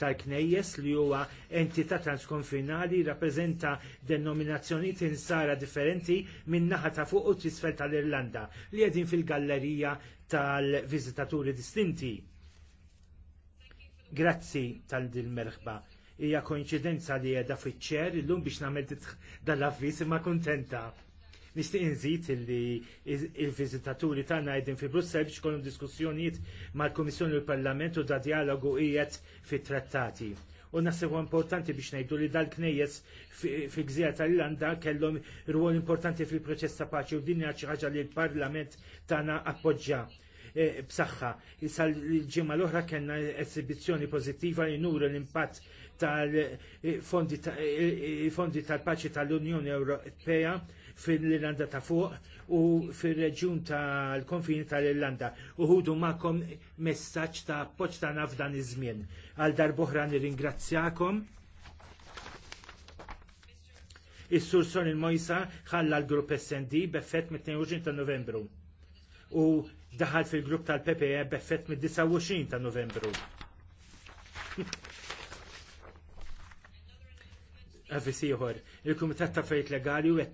tal-knejjes li huwa entità transkonfinali rappreżenta denominazzjoni tinsara differenti min naħa ta' fuq u tisfel tal-Irlanda li qegħdin fil-gallerija tal-viżitaturi distinti. Grazzi tal-dil-merħba hija koinċidenza li qiegħda fiċ-ċer illum biex nagħmel dal-avviż imma kuntenta. Nixtieq nżid illi il-viżitaturi tagħna qegħdin fi Brussel biex ikollhom diskussjonijiet mal-Kummissjoni u l-Parlament u da dialogu qiegħed fit-trattati. U naħseb importanti biex ngħidu li dal-knejjes fi gżira tal-Irlanda kellhom rwol importanti fil-proċess ta' paċi u din hija xi ħaġa li l-Parlament tagħna appoġġja e, b'saħħa. Sal ġimgħa l-oħra kellna esibizzjoni pożittiva li nuru l-impatt tal-fondi e, e, tal-paċi tal-Unjoni Ewropea fil-Irlanda ta' fuq u fil-reġjun tal-konfini tal-Irlanda. Uħudu ma'kom messaġġ ta' poċ ta' nafdan iż-żmien. Għal darbohra nirringrazzjakom. Is-Sur Son il-Mojsa ħalla l-grupp SND b'effett mit-22 ta' Novembru. U daħal fil-grupp tal-PPE b'effett mid-29 ta' Novembru. Avvisi il-Kumitat ta' Fejt Legali u